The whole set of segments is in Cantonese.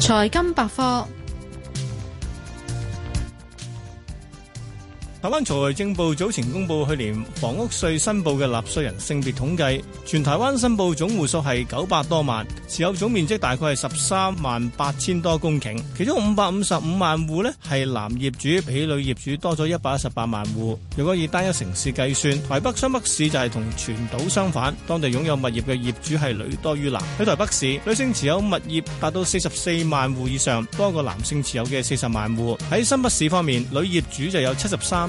財金百科。台灣財政部早前公布去年房屋稅申報嘅納稅人性別統計，全台灣申報總戶數係九百多萬，持有總面積大概係十三萬八千多公頃，其中五百五十五萬戶呢係男業主，比女業主多咗一百一十八萬戶。如果以單一城市計算，台北新北市就係同全島相反，當地擁有物業嘅業主係女多於男。喺台北市，女性持有物業達到四十四萬戶以上，多過男性持有嘅四十萬戶。喺新北市方面，女業主就有七十三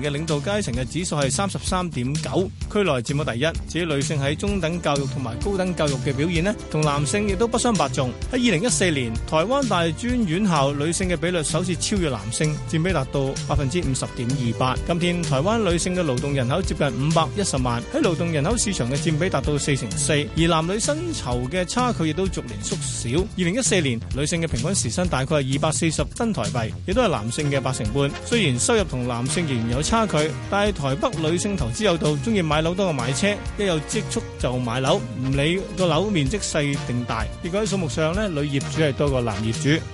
嘅領導階層嘅指數係三十三點九，區內佔咗第一。至於女性喺中等教育同埋高等教育嘅表現咧，同男性亦都不相伯仲。喺二零一四年，台灣大專院校女性嘅比率首次超越男性，佔比達到百分之五十點二八。今天台灣女性嘅勞動人口接近五百一十萬，喺勞動人口市場嘅佔比達到四成四，而男女薪酬嘅差距亦都逐年縮小。二零一四年，女性嘅平均時薪大概係二百四十新台幣，亦都係男性嘅八成半。雖然收入同男性仍然有差距，但係台北女性投資有道，中意買樓多過買車，一有積蓄就買樓，唔理個樓面積細定大。結果喺數目上咧，女業主係多過男業主。